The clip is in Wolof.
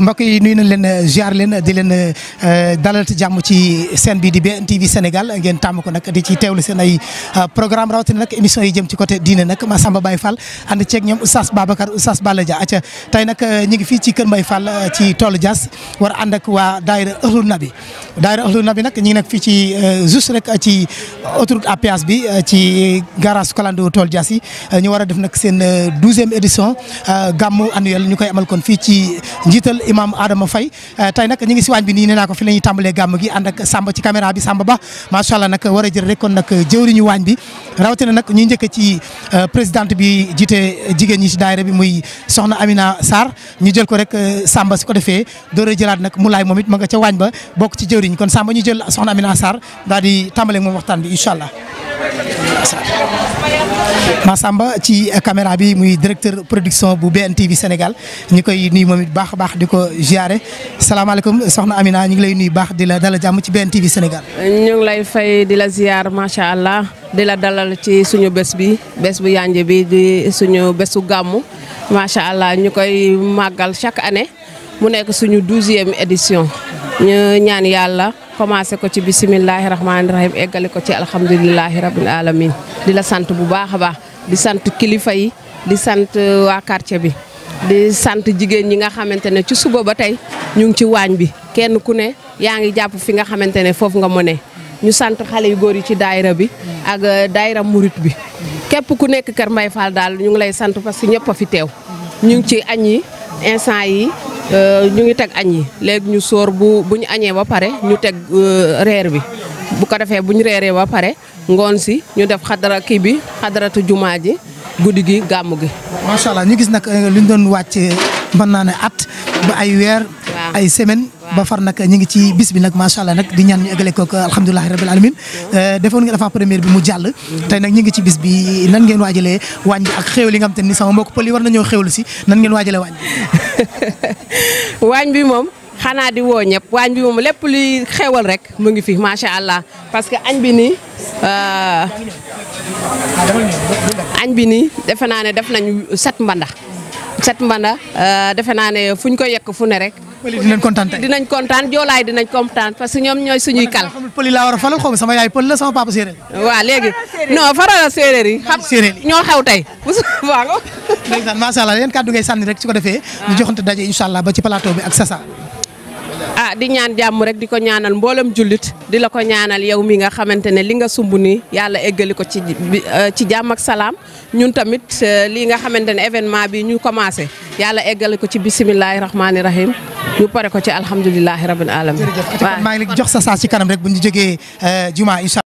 mbokk yi nuyu nañ leen ziar leen di leen euh, dalal ci jàmm ci seen bi di BNTV Sénégal ngeen tàmm ko nag di ci teewlu seen ay euh, programme rawatina nag émission yi jëm ci côté diine nag Massamba bay fal ànd ceeg ñoom Oustaz Babacar Oustaz Balla Dia aca tey nag euh, ñu ngi fii ci Kër Mbaye Fall ci toolu Dias war ànd ak waa daayira na bi daayira Ahlou Nabi nag ñu ngi nekk fii ci euh, juste rek ci bi euh, ci garage Kolando Tool Diassi euh, ñu war a def nag seen douzième édition gàmmu annuel ñu koy amal kon fii ci njiital imam Adama fay tey nag ñu ngi si waañ bi nii nee naa ko fi la ñuy tàmbalee gàmm gi ànd ak Samba ci caméra bi Samba Ba macha allah nag war a jël rek kon nag jëwriñu waañ bi rawatina nag ñu njëkk ci présidente bi jiite jigéen ñi si daayira bi muy soxna Amina Sarr ñu jël ko rek Samba su ko defee door a jëlaat nag mu laay moom it ma nga ca waañ ba sëriñ kon sàmm ñu jël soxna Amina Sarr daal di tàmbale moom waxtaan bi incha allah. Massamba ci caméra bi muy directeur production bu BNTV Sénégal ñu koy nuyu moom it baax a baax di ko ziare salaamaaleykum soxna Amina ñu ngi lay nuyu baax di la dala jàmm ci BNTV Sénégal. ñu ngi lay fay di la ziar macha allah di la dalal ci suñu bés bi bés bu yànj bi di suñu bésu gàmmu macha allah ñu koy màggal chaque année mu nekk suñu douzième édition. ñu ñaan yàlla commencé ko ci bisimilahi rahmaani rahim eggale ko ci alhamdulilahi rabil alamin di la sant bu baax a baax di sant kilifa yi di sant waa karce bi di sant jigéen ñi nga xamante ne ci suba ba tey ñu ngi ci waañ bi kenn ku ne yaa ngi jàpp fi nga xamante ne foofu nga ne ñu sant xale yu góor yi ci daayira bi ak euh, daayira murit bi képp ku nekk Kër Mbaye Fall daal ñu ngi lay sant parce que ñëpp a fi teew ñu ngi ci añ yi instant yi Euh, ñu ngi teg añ yi léegi ñu sóor bu bu ñu añee ba pare ñu teg euh, reer bi bu ko defee bu ñu reeree ba pare ngoon si ñu def xadara kii bi xadaratu jumaa ji guddi gi gàmm gi. macha allah ñu gis nag euh, li doon wàcce mën naa ne at ba ay weer. ay semaine ba far nak ñi ngi ci bis bi ma sha allah nak di ñaan ñu égalé ko ko rabbil alamin eh, defoon nga dafa première bi mu jall tay nak ñi ngi ci bis bi nan ngeen wajalé waañ ak xéew li nga xamanteni sama mbokk pël war nañu xéewlu si nan ngeen wajalé waañ wañ bi mom xana di wo ñep wañ bi mom lepp li xéewal rek mu ngi fi sha allah parce que añ bi euh añ bi ni defe naa def nañu set mbanda set mbanda euh fuñ ko yek fu ne rek pël dinañ kontaan dinañ kontaan joolaay dinañ kontaan parce que ñoom ñooy suñuy kal pël laa war a falal xaw sama yaay pël la sama papa séeréer waaw léegi non faral séeréer yi xam séeréer ñoo xew tey waaw ndeysaan macha allah yéen kàddu ngay sànni rek su ko defee ñu ah. joxante daje incha allah ba ci plateau bi ak sasa ah di ñaan jàmm rek di ko ñaanal mboolem jullit di la ko ñaanal yow mi nga xamante ne li nga sumb ni yàlla eggali ko ci euh, ci jàmm ak salaam ñun tamit euh, li nga xamante événement bi ñu commencé yàlla eggali ci bisimilahi rahmaani rahim ñu pare ko ci alhamdulilahi rabbil alamin jërëjëf ngi jox sa saa ci kanam rek bu ñu euh, juma incha